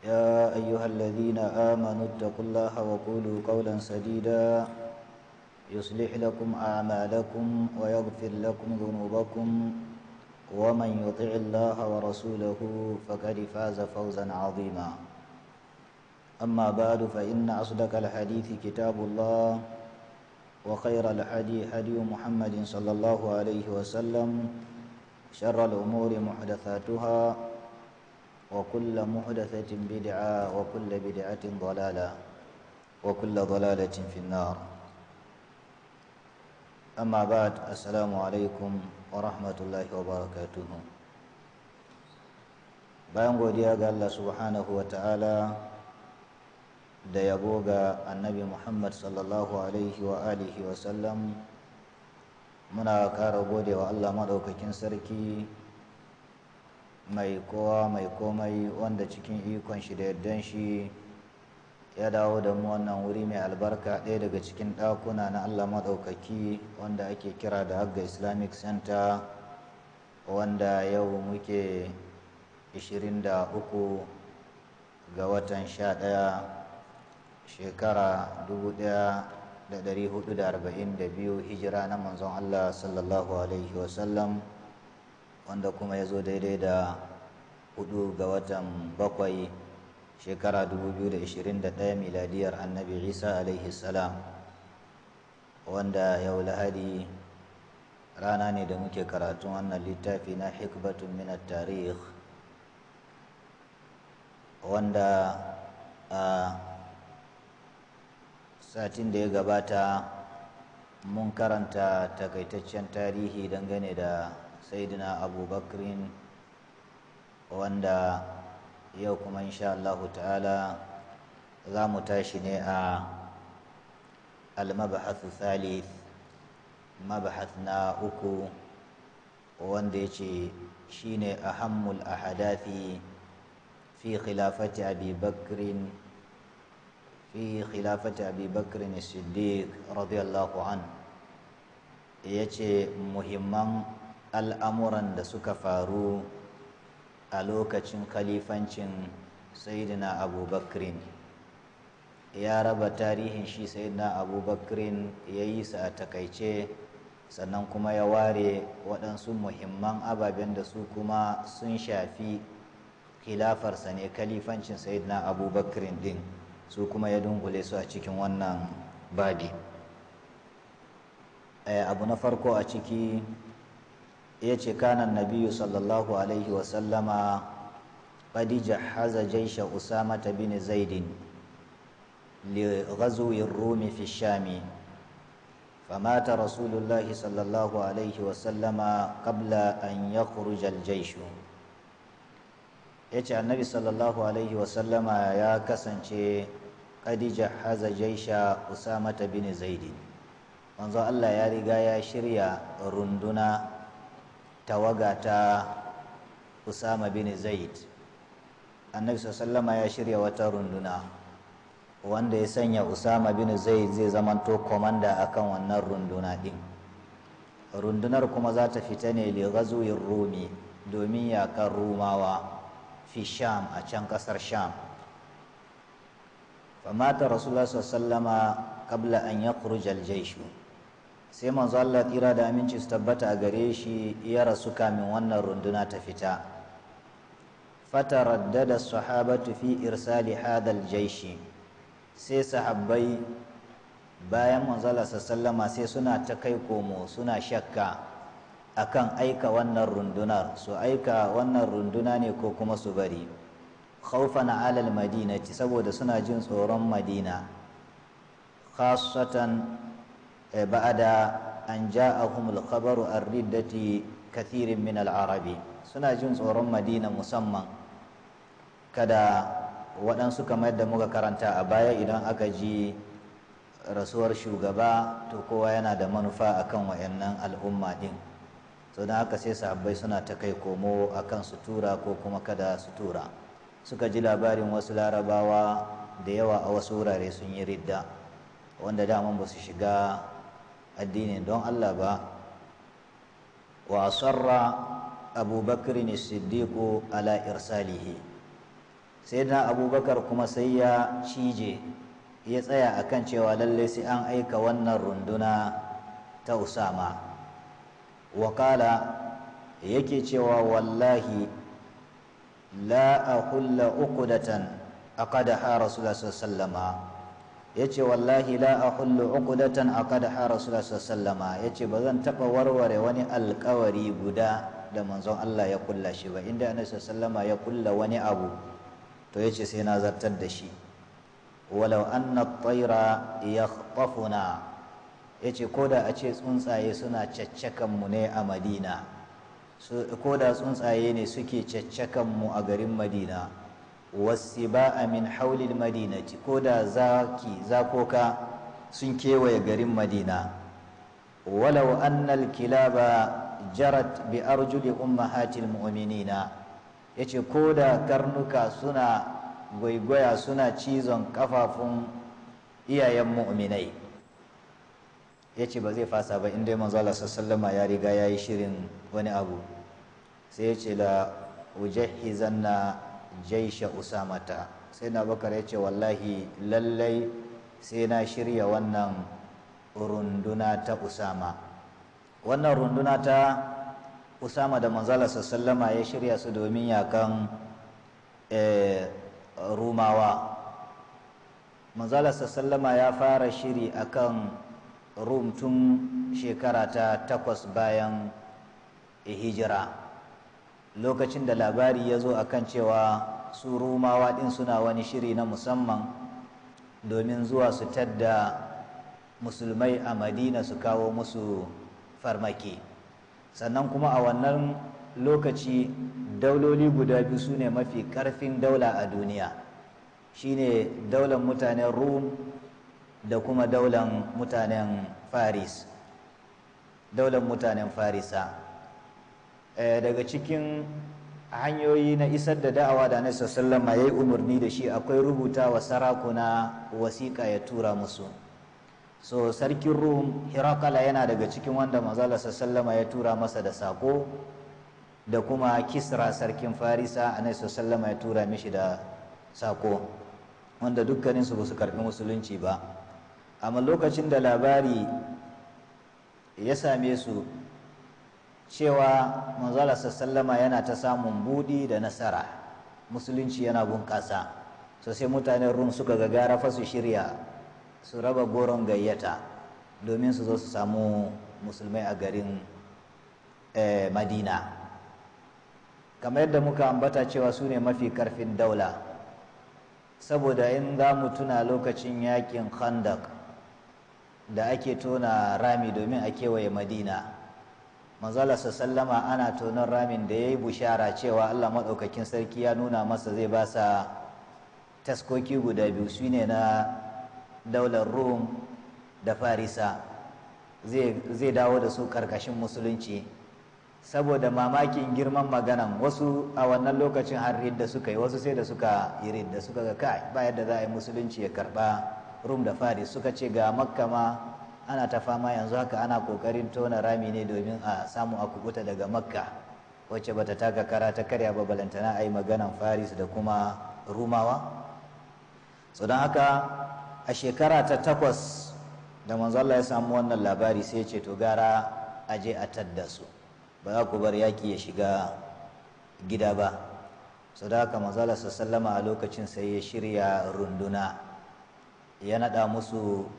يا أيها الذين آمنوا اتقوا الله وقولوا قولا سديدا يصلح لكم أعمالكم ويغفر لكم ذنوبكم ومن يطع الله ورسوله فقد فاز فوزا عظيما أما بعد فإن أصدق الحديث كتاب الله وخير الحديث هدي محمد صلى الله عليه وسلم شر الأمور محدثاتها وكل محدثة بدعة وكل بدعة ضلالة وكل ضلالة في النار أما بعد السلام عليكم ورحمة الله وبركاته bayan godiya ga Allah subhanahu wa ta'ala da yabo ga annabi Muhammad sallallahu alaihi wa alihi wa sallam muna ƙara gode wa Allah maɗaukakin sarki mai kowa mai komai wanda cikin ikon shi da yardan shi ya dawo da mu wannan wuri mai albarka ɗaya daga cikin ɗakuna na allah maɗaukaki wanda ake kira da Hagga islamic center wanda yau muke 23 ga watan 11 shekara 1442 hijira na manzon allah sallallahu alaihi wasallam wanda kuma ya zo daidai da hudu ga watan bakwai shekara 2021 miladiyar annabi isa alaihi salam wanda yau lahadi rana ne da muke karatun wannan littafi na hikbatun minar tarih wanda a satin da ya gabata mun karanta takaitaccen tarihi dangane da saidina Abubakar. wanda yau kuma insha Allahu ta'ala za mu tashi ne a almabahasu thalith mabahas na uku wanda ya ce shi ne ahammul ahadafi fi khilafati fi khilafati abi bakrin siddiq radiyallahu an ya ce muhimman al'amuran da suka faru a lokacin kalifancin sayidina abubakrin ya raba tarihin shi sayidina abubakrin ya yi sa a takaice sannan kuma ya ware waɗansu muhimman ababen da su kuma sun shafi khilafarsa ne kalifancin sayidina abubakrin din su kuma ya dungule su a cikin wannan badi eh, abu na farko a ciki ya ce kanan nabiyu sallallahu alaihi wasallama jaisha usama ta bin zaidin li ghazuwin rumi fi shami famata rasulullahi sallallahu alaihi wasallama kabla an ya kurujal jaishu ya ce annabi sallallahu alaihi wasallama ya kasance ƙadija haza jaisha usama ta bin zaidin manzo Allah ya riga ya shirya runduna tawaga ta usama bin zaid annabi sallama ya shirya wata runduna wanda ya sanya usama bin zaid zai zamanto komanda akan wannan runduna din rundunar kuma za ta fita ne lighazuwin rumi domin yakan rumawa fi sham a can kasar sham famata rasulullah sallama kabla an ya kurujal jaishu sai manzo Allah tira da aminci su tabbata a gare shi ya rasu kamin wannan runduna ta fita fataraddada sahabatu fi irsali hadal jaishi sai sahabbai bayan Allah sallama sai suna ta kai komo suna shakka akan aika wannan rundunar su aika wannan runduna ne ko kuma su bari khawfan alal madinati saboda suna jin tsoron madina khasatan بعد أن khabaru ar-riddati kathirin min al-arabi suna jin tsoron madina musamman kada waɗansu kamar yadda muka karanta a baya idan aka ji rasuwar shugaba to kowa yana da manufa akan wayannan al'umma din to don haka sai sahabbai suna ta kai komo akan sutura ko kuma kada sutura suka ji labarin wasu larabawa da yawa a wasu wurare sun yi ridda wanda daman ba su shiga addini don Allah ba wa asarra abubakar ne siddiqu ala irsalihi sai na abubakar kuma sai ya cije ya tsaya akan cewa lallai sai an aika wannan runduna ta usama wakala yake cewa wallahi la a hulla uku datan a kada ha rasulullah sallama yace wallahi la ahullu uqdatan aqadaha sallama ya yace ba zan taɓa warware wani alkawari guda da manzon Allah ya kulla shi ba inda da sallama ya kulla wani abu to ce sai na zartar da shi walau anna at-tayra yakhtafuna yace koda a ce tsuntsaye suna caccakan mu ne a Madina ko da tsuntsaye ne suke caccakan mu a garin Madina a min haulil madinati ko da zaki zakoka sun kewaye garin madina walau annal kilaba jarat bi arjuli ummahatil mu'minina yace ko da karnuka suna gwaigwaya suna cizon kafafun iyayen mu'minai yace ba zai fasa ba inda dai manzo Allah ya riga yayi shirin wani abu sai yace la ujahizanna jaisha usamata sai na bakar ya ce wallahi lallai sai na shirya wannan runduna ta usama wannan runduna ta usama da manzala sallama ya shirya su domin yakan eh, rumawa manzala sallama ya fara shiri akan rum tun shekara ta takwas bayan hijira lokacin da labari ya zo a kan cewa su rumawa din suna wani shiri na musamman domin zuwa su tadda musulmai a madina su kawo musu farmaki sannan kuma a wannan lokaci dauloli guda biyu su ne mafi karfin daula a duniya shine daular mutanen rum da kuma daular mutanen faris daular mutanen farisa Eh, daga cikin hanyoyi na isar da da'awa da annabi sallama ya yi umarni da shi akwai rubuta wa sarakuna wasiƙa ya tura musu so sarkin rum hirakala yana daga cikin wanda manzala sallama ya tura masa da sako da kuma kisra sarkin farisa a annabi sallama ya tura mishi da sako wanda dukkaninsu ba su karɓi musulunci ba amma lokacin da labari ya same su cewa manzala sallama yana ta samun budi da nasara musulunci yana bunƙasa so sai mutanen rum suka gagara fa su shirya su raba goron gayyata domin su zo su samu musulmai a garin eh, madina kamar yadda muka ambata cewa su ne mafi karfin daula saboda in za mu tuna lokacin yakin khandak da ake tona rami domin a kewaye madina manzala sallama ana tonon ramin da ya yi bushara cewa allah maɗaukakin sarki ya nuna masa zai ba sa taskoki guda biyu su ne na daular rum da farisa zai dawo da su karkashin musulunci saboda mamakin girman maganan wasu a wannan lokacin har ridda suka yi wasu sai da suka yi ridda suka ga kai bayan da za a yi musulunci ya karɓa rum da faris suka ce ga makka ana ta fama yanzu haka ana kokarin tona rami ne domin a samu a kubuta daga makka wacce bata taka kara ta karya ba balantana a yi maganan faris da kuma rumawa so don haka a shekara ta takwas da manzala ya samu wannan labari sai ce to gara a je a tadda su ba za ku bar yaki ya shiga gida ba so don haka manzala sallama a lokacin sai ya shirya runduna ya naɗa musu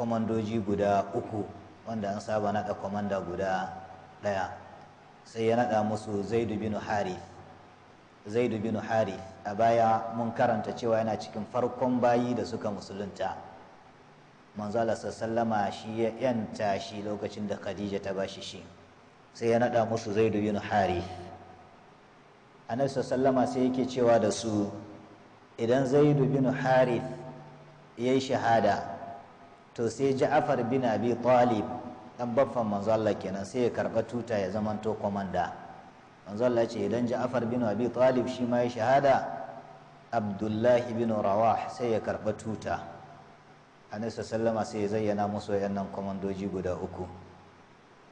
Komandoji guda uku wanda an saba naɗa komanda guda ɗaya sai ya naɗa musu zaidu bin harith zaidu bin harith a baya mun karanta cewa yana cikin farkon bayi da suka musulunta manzala sallama shi ya yanta shi lokacin da khadija ta bashi shi sai ya naɗa musu zaidu bin harith annabi sallama sai yake cewa da su idan zaidu bin harith ya yi shahada to sai ja'afar bin abi talib dan baffan manzo Allah kenan sai ya karba tuta ya zamanto komanda manzo Allah ce idan ja'afar bin abi talib shi ma ya shahada abdullahi bin rawah sai ya karba tuta annabi sallama sai ya zayyana musu wayannan komandoji guda uku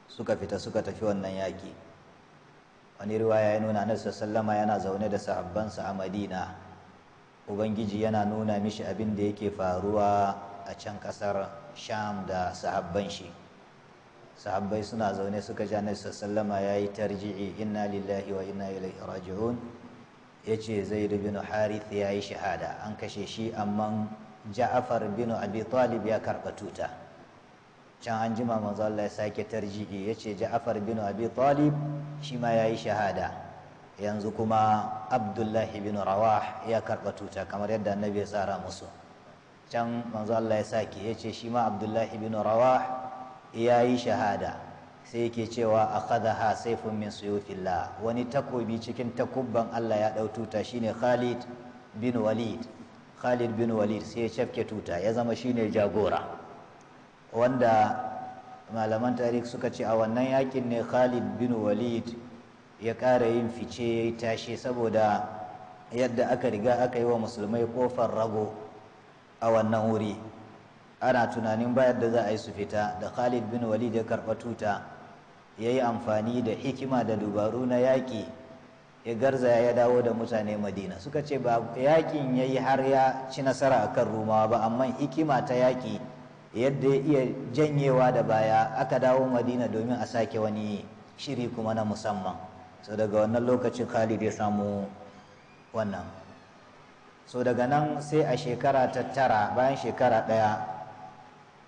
suka fita suka tafi wannan yaki wani riwaya ya nuna annabi sallama yana zaune da sahabbansa a madina ubangiji yana nuna mishi abin da yake faruwa a can kasar sham da sahabban shi sahabbai suna zaune suka ja annabi sallama ya yi tarji'i inna lillahi wa inna ilaihi raji'un ya ce zaid bin harith ya yi shahada an kashe shi amma ja'afar bin abi talib ya karɓa tuta can an jima manzo Allah ya sake tarji'i ya ce ja'afar bin abi talib shi ma ya yi shahada yanzu kuma abdullahi bin rawah ya karɓa tuta kamar yadda annabi ya tsara musu can manzo Allah ya sake ya ce shi ma Abdullahi bin Rawah ya yi shahada sai yake cewa a sai saifin min suyufillah wani takobi cikin takubban Allah ya ɗau tuta shine Khalid bin Walid Khalid bin Walid sai ya cafke tuta ya zama shine jagora wanda malaman tarik suka ce a wannan yakin ne Khalid bin Walid ya ƙara yin fice ya yi tashe saboda yadda aka riga aka yi wa musulmai ƙofar rago a wannan wuri ana tunanin bayar da za a yi su fita da khalid bin walid ya karɓa tuta ya yi amfani da hikima da dubaru na yaƙi ya garza ya dawo da mutane madina suka ce ba yaƙin ya yi har ya ci nasara a kan rumawa ba amma hikima ta yaƙi yadda ya iya janyewa da baya aka dawo madina domin a sake wani shiri kuma na musamman so daga wannan lokacin khalid ya samu wannan so daga nan sai a shekara ta tara bayan shekara ɗaya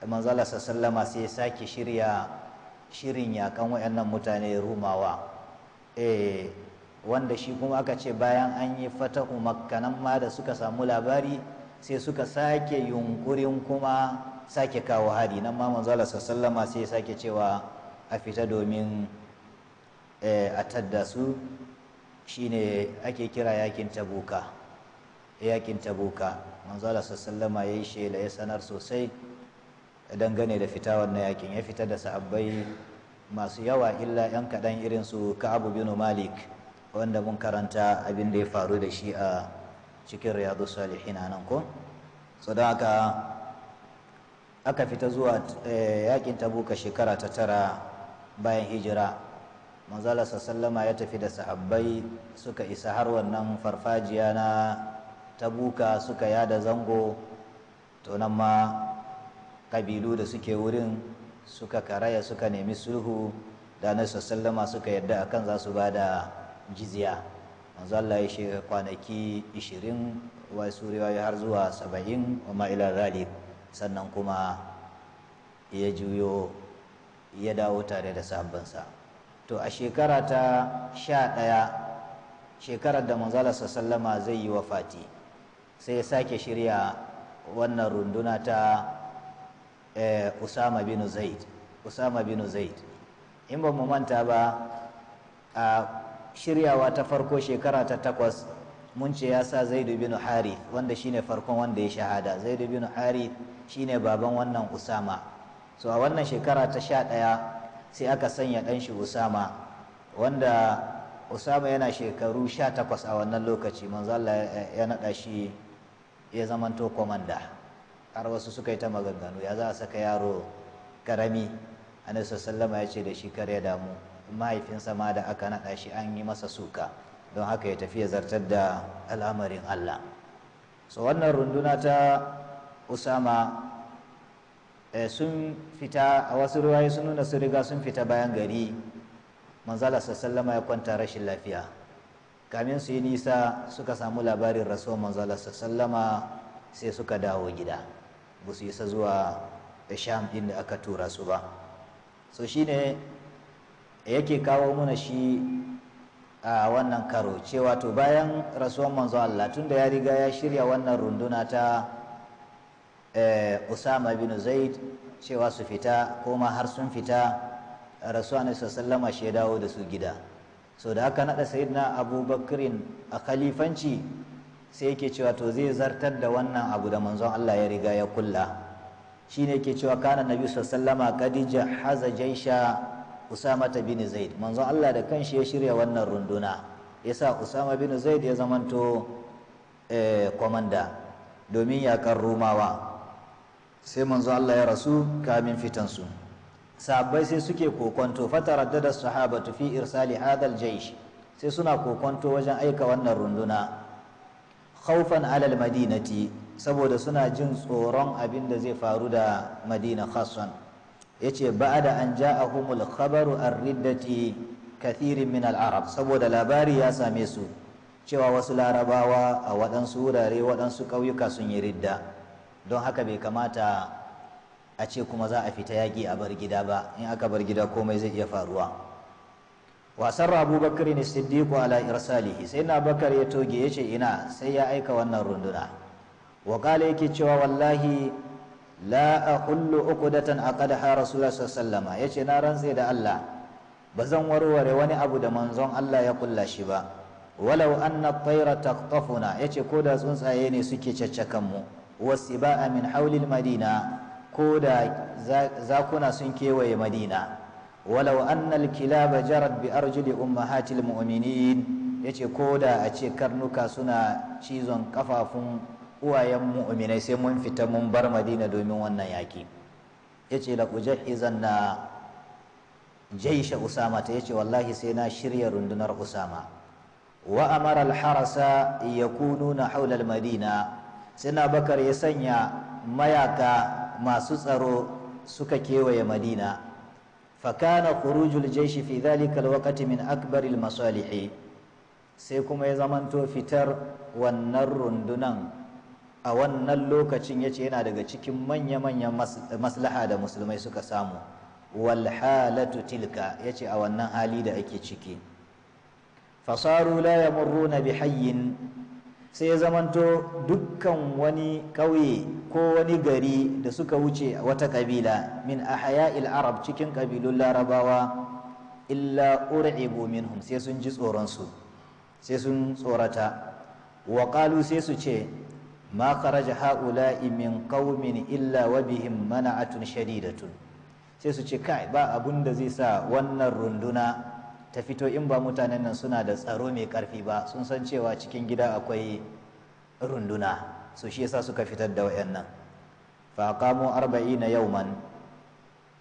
manzala sallama sai sake shirya shirin yakan wayannan mutane rumawa eh wanda shi kuma aka ce bayan an yi fatahu makkanan ma da suka samu labari sai suka sake yunkurin kuma sake kawo hari nan ma manzala sallama sai sake cewa a fita domin eh, a tadda su shine ake kira yakin tabuka yakin tabuka manzo Allah sallama yayi shela ya sanar sosai dangane da fita wannan yakin ya fita da sahabbai masu yawa illa yan kaɗan irin su Ka'ab bin Malik wanda mun karanta abin da ya faru da shi a cikin Riyadu Salihin nan ko so don aka fita zuwa eh, yakin tabuka shekara ta tara bayan hijira manzala sallama ya tafi da sahabbai suka isa har wannan farfajiya na Ta tabuka suka yada zango to nan ma kabilu da suke wurin suka karaya suka nemi sulhu da na sallama suka yadda akan za su ba da jiziya. manzo Allah ya shiga kwanaki 20 wa ya har zuwa 70 wa rali sannan kuma ya juyo ya dawo tare da sahabbansa to a shekara ta sha ɗaya shekarar da manzala sallama zai yi wa fati sai ya sake shirya wannan runduna ta eh, usama bin zaid usama bin zaid in ba mu manta ba a shiryawa ta farko shekara ta takwas mun ce ya sa zaidu bin harith wanda shine farkon wanda ya shahada zaidu bin harith shine baban wannan usama so a wannan shekara ta sha ɗaya sai aka sanya ɗan shi usama wanda usama yana shekaru sha takwas a wannan lokaci manzo Allah ya naɗa shi ya zamanto komanda har wasu suka yi ta maganganu ya za a saka yaro karami annabi sallama ya ce da shi kar ya damu mahaifinsa ma da aka naɗa shi an yi masa suka don haka ya tafi ya zartar da al'amarin Allah so wannan runduna ta usama eh, sun fita a wasu ruwaye sun nuna sun riga sun fita bayan gari manzala sallama ya kwanta rashin lafiya kamin su yi nisa suka samu labarin rasuwar manzala sallama sai suka dawo gida ba su isa zuwa sham din da aka tura su ba so shine yake kawo mana shi a wannan karo cewa to bayan rasuwar manzo Allah tun da ya riga ya shirya wannan runduna ta eh, Usama bin Zaid cewa su fita ko ma har sun fita rasuwa ne sallama shi ya dawo da su gida so da aka naɗa sayyidina abubakirin a khalifanci sai yake cewa to zai zartar da wannan abu da manzon Allah ya riga ya kulla shine yake cewa kana nabi sallama kadija haza jaisha usama bin zaid manzon Allah da kanshi ya shirya wannan runduna yasa usama bin zaid ya zamanto kwamanda eh, domin yakar rumawa sai manzon Allah ya rasu kamin fitansu sabbai sai suke kokonto da sahabatu fi irsali hadal jaish sai suna kokonto wajen aika wannan runduna khaufan alal madinati saboda suna jin tsoron abin da zai faru da madina khassan yace ba'da an ja'ahumul khabaru ar-riddati kathirin min al-arab saboda labari ya same su cewa wasu larabawa a waɗansu wurare waɗansu ƙauyuka sun yi ridda don haka bai kamata a ce kuma za a fita yaƙi a bar gida ba in aka bar gida komai zai iya faruwa wasan Rabu abubakar ne siddiqu ala irsalihi sai na bakar ya toge ya ce ina sai ya aika wannan runduna wakala yake cewa wallahi la aqullu uqdatan aqadaha rasulullah sallallahu alaihi yace na rantse da Allah ba zan warware wani abu da manzon Allah ya kulla shi ba walau anna tayra taqtafuna yace ko da tsuntsaye ne suke caccakan mu a min hawlil madina ko da zakuna sun kewaye madina walau annal kilaba jarat bi arjuli ummahatil mu'minin yace ko da a ce karnuka suna cizon kafafun uwayen mu'minai sai mun fita mun bar madina domin wannan yaki yace la ujahizan na jaisha usama ta yace wallahi sai na shirya rundunar usama wa amara al-harasa yakununa haula al-madina sai na bakar ya sanya mayaka masu tsaro suka kewaye madina fakana khurujul jaishi fi zalika alwaqti min akbaril masalihi sai kuma ya zamanto fitar wannan rundunan a wannan lokacin yace yana daga cikin manya-manyan maslaha da musulmai suka samu wal halatu tilka yace a wannan hali da ake ciki fasaru la yamurruna bi hayyin sai ya zamanto dukkan wani kauye ko wani gari da suka wuce a wata kabila min ahaya'il arab cikin kabilun larabawa illa ur'ibu minhum sai sun ji tsoronsu sai sun tsorata wa sai su ce ma kharaja ha'ula'i min qaumin illa wa bihim mana'atun shadidatun sai su ce kai ba abun da zai sa wannan runduna ta fito in ba mutanen nan suna da tsaro mai karfi ba sun san cewa cikin gida akwai runduna so shi yasa suka fitar da wayannan fa qamu 40 yawman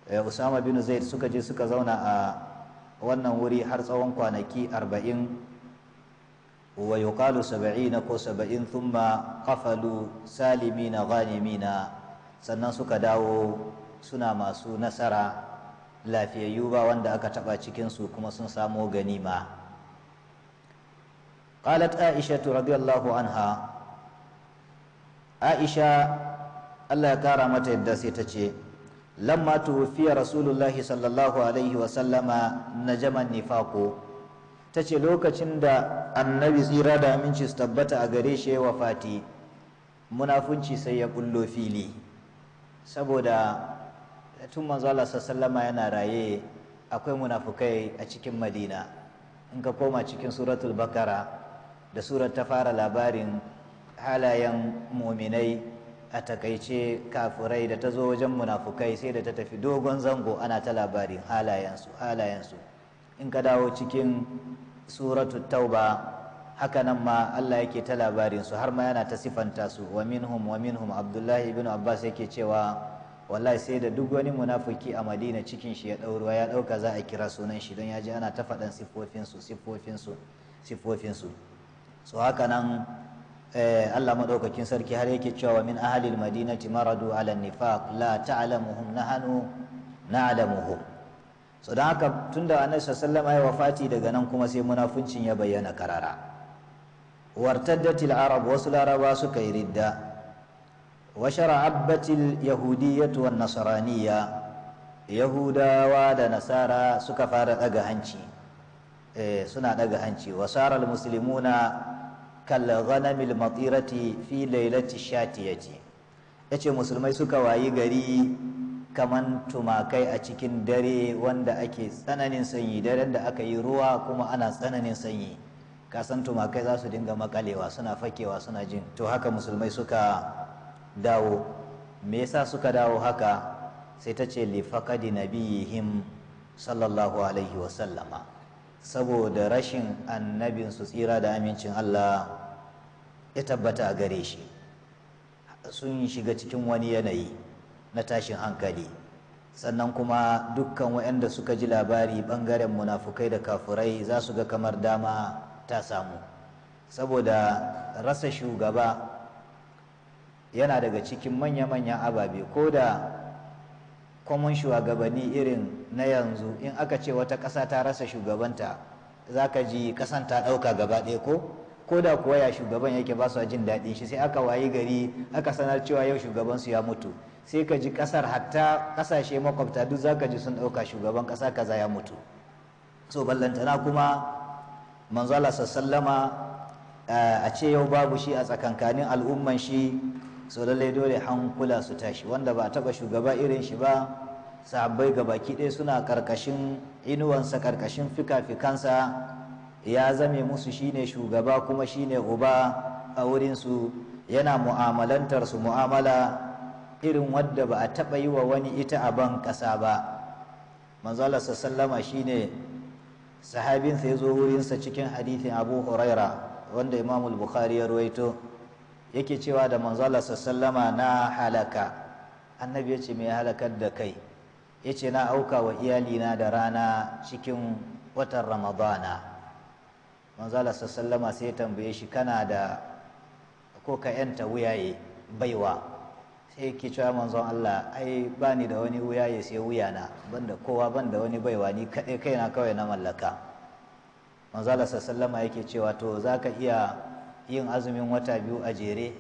eh, Usama bin Zaid suka je suka zauna a wannan wuri har tsawon kwanaki arba'in wa yuqalu 70 ko 70 thumma qafalu salimina ghanimina sannan suka dawo suna masu nasara lafiyayyu ba wanda aka taba cikin su kuma sun samo ganima qalat aishatu radiyallahu anha aisha Allah ya kara mata yadda sai tace lamma tuwfiya rasulullahi sallallahu alaihi wa sallama najama nifaqu ta lokacin da annabi tsira da aminci su tabbata a gare shi ya wafati munafunci sai ya kullo fili saboda tun manzo Allah sallallahu yana raye akwai munafukai a cikin Madina in ka koma cikin suratul bakara da surar ta fara labarin halayen muminai a takaice kafurai da ta zo wajen munafukai sai da ta tafi dogon zango ana ta labarin halayensu halayensu in ka dawo cikin suratul tauba haka nan ma Allah yake ta labarin su har ma yana ta sifanta su wa minhum wa minhum Abdullahi ibn Abbas yake cewa wallahi sai da duk wani munafiki a madina cikin shi ya ɗaurwa ya ɗauka za a kira sunan shi don ya ji ana ta faɗan siffofinsu siffofinsu siffofinsu so haka nan eh, Allah maɗaukakin sarki har yake cewa min ahalil madinati maradu ala nifaq la ta'lamuhum nahnu na'lamuhum so don haka tunda annabi sallallahu alaihi wafati daga nan kuma sai munafuncin ya bayyana karara wartaddatil arab wasu laraba suka yi ridda washara'abbatil yahudiyyatu wan Nasaraniya yahudawa da nasara suka fara daga hanci suna daga hanci wasara al muslimuna kal ghanamil matirati fi ce. shatiyati yace musulmai suka wayi gari kaman tumakai a cikin dare wanda ake tsananin sanyi daren da aka yi ruwa kuma ana tsananin sanyi kasan tumakai za su dinga makalewa suna fakewa suna jin to haka musulmai suka dawo me yasa suka dawo haka sai ta ce lifakadi nabiyihim sallallahu alaihi wasallama saboda rashin annabin su tsira da amincin Allah ya tabbata a gare shi sun shiga cikin wani yanayi na tashin hankali sannan kuma dukkan waɗanda suka ji labari ɓangaren munafukai da kafurai za su ga kamar dama ta samu saboda rasa shugaba yana daga cikin manya-manyan ababe ko da kwamon shugabanni irin na yanzu in aka ce wata ƙasa ta rasa shugabanta za ka ji ƙasan ta ɗauka gaba ɗaya ko ko da kuwa ya shugaban yake ba su jin daɗin shi sai aka wayi gari aka sanar cewa yau shugabansu ya mutu sai ka ji ƙasar hatta ƙasashe makwabta duk za ka ji sun ɗauka shugaban ƙasa kaza ya mutu so ballantana kuma manzo Allah sallama eh, a ce yau babu shi a tsakankanin al'umman shi so lallai dole hankula su tashi wanda ba taba shugaba irin shi ba sahabbai baki ɗaya suna karkashin inuwansa karkashin fika-fikansa ya zame musu shine shugaba kuma shine uba a wurinsu yana mu'amalantar su mu'amala irin wanda ba a taba yi wa wani ita a ban ƙasa ba manzo Allah sallama shine sahabinsa ya zo wurinsa cikin hadithin Abu Huraira wanda Imam Bukhari ya ruwaito yake cewa da manzo sallama na halaka annabi ce mai halakar da kai yace na auka wa iyalina da rana cikin watan ramadana manzo sallama sai ya tambaye shi kana da ko ka yanta wuyaye baiwa sai ke cewa manzon Allah ai bani da wani wuyaye sai wuyana banda kowa banda wani baiwa ni kadai kaina kawai na mallaka manzo Allah sallama yake cewa to za ka iya yin azumin wata biyu a jere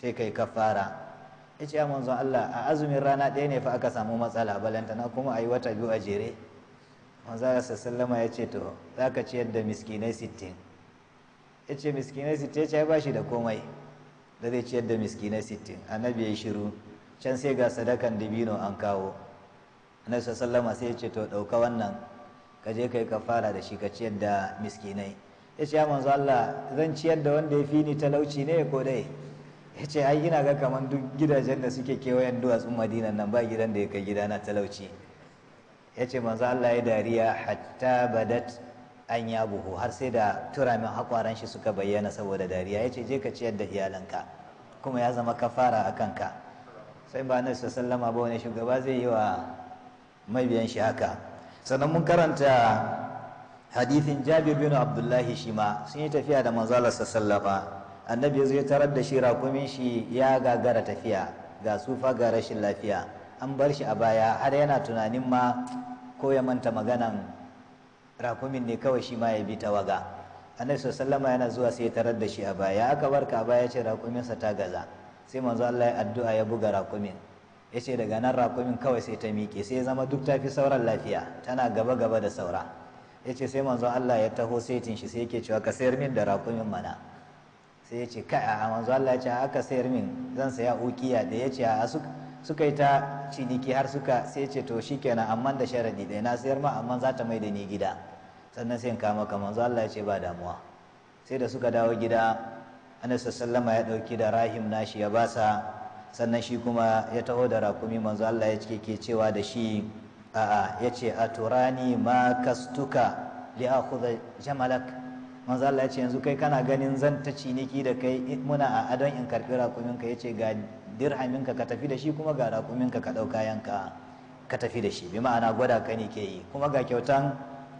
sai kai kafara ya ce manzon Allah a azumin rana ɗaya ne fa aka samu matsala balanta na kuma a yi wata biyu a jere manzon Allah sallama ya ce to za ka ciyar da miskinai sittin ya ce miskinai sittin ya ce ba shi da komai da zai ciyar da miskinai sittin annabi ya shiru can sai ga sadakan dabino an kawo annabi sallama sai ya ce to ɗauka wannan ka je kai kafara da shi ka ciyar da miskinai ya ce ya Allah zan ciyar da wanda ya fi ni talauci ne ko dai ya ce ai ina ga kamar duk gidajen da suke kewayen duwatsun madinan nan ba gidan da ya kai gidana talauci ya ce manzo Allah ya dariya hatta badat an ya buhu har sai da turamin hakwaran shi suka bayyana saboda dariya ya ce je ka ciyar da iyalanka kuma ya zama kafara a kanka sai ba na sallama ba wani shugaba zai yi wa mabiyan shi haka sannan mun karanta hadithin jabir bin abdullahi shi ma sun yi tafiya da manzalar sallama annabi zai tarar da shi rakumin shi ya gagara tafiya ga sufa ga rashin lafiya an bar shi a baya har yana tunanin ma ko ya manta maganan rakumin ne kawai shi ma ya bi ta waga annabi sallama yana zuwa sai ya tarar da shi a baya aka barka a baya ce rakuminsa ta gaza sai manzo Allah ya addu'a ya buga rakumin ya ce daga nan rakumin kawai sai ta miƙe sai ya zama duk ta fi sauran lafiya tana gaba gaba da saura ya ce sai manzo Allah ya taho setin shi sai yake cewa ka sayar min da rakumin mana sai ya ce kai a manzo Allah ya ce aka sayar min zan saya ukiya da ya ce a suka yi ta ciniki har suka sai ce to shikenan amma da sharadi ɗaya na sayar ma amma za ta mai da ni gida sannan sai in kama ka manzo Allah ya ce ba damuwa sai da suka dawo gida Anas sallama ya dauki da rahim nashi ya basa sannan shi kuma ya taho da rakumi manzo Allah ya ce ke cewa da shi a'a yace Turani ma kastuka li akhudha jamalak manzo Allah yace yanzu kai kana ganin zan ta ciniki da kai muna a adon in karbi rakuminka. ka yace ga dirhaminka ka ka tafi da shi kuma ga rakumin ka ka dauka yanka ka tafi da shi bi ma'ana gwada ka ne ke yi kuma ga kyautan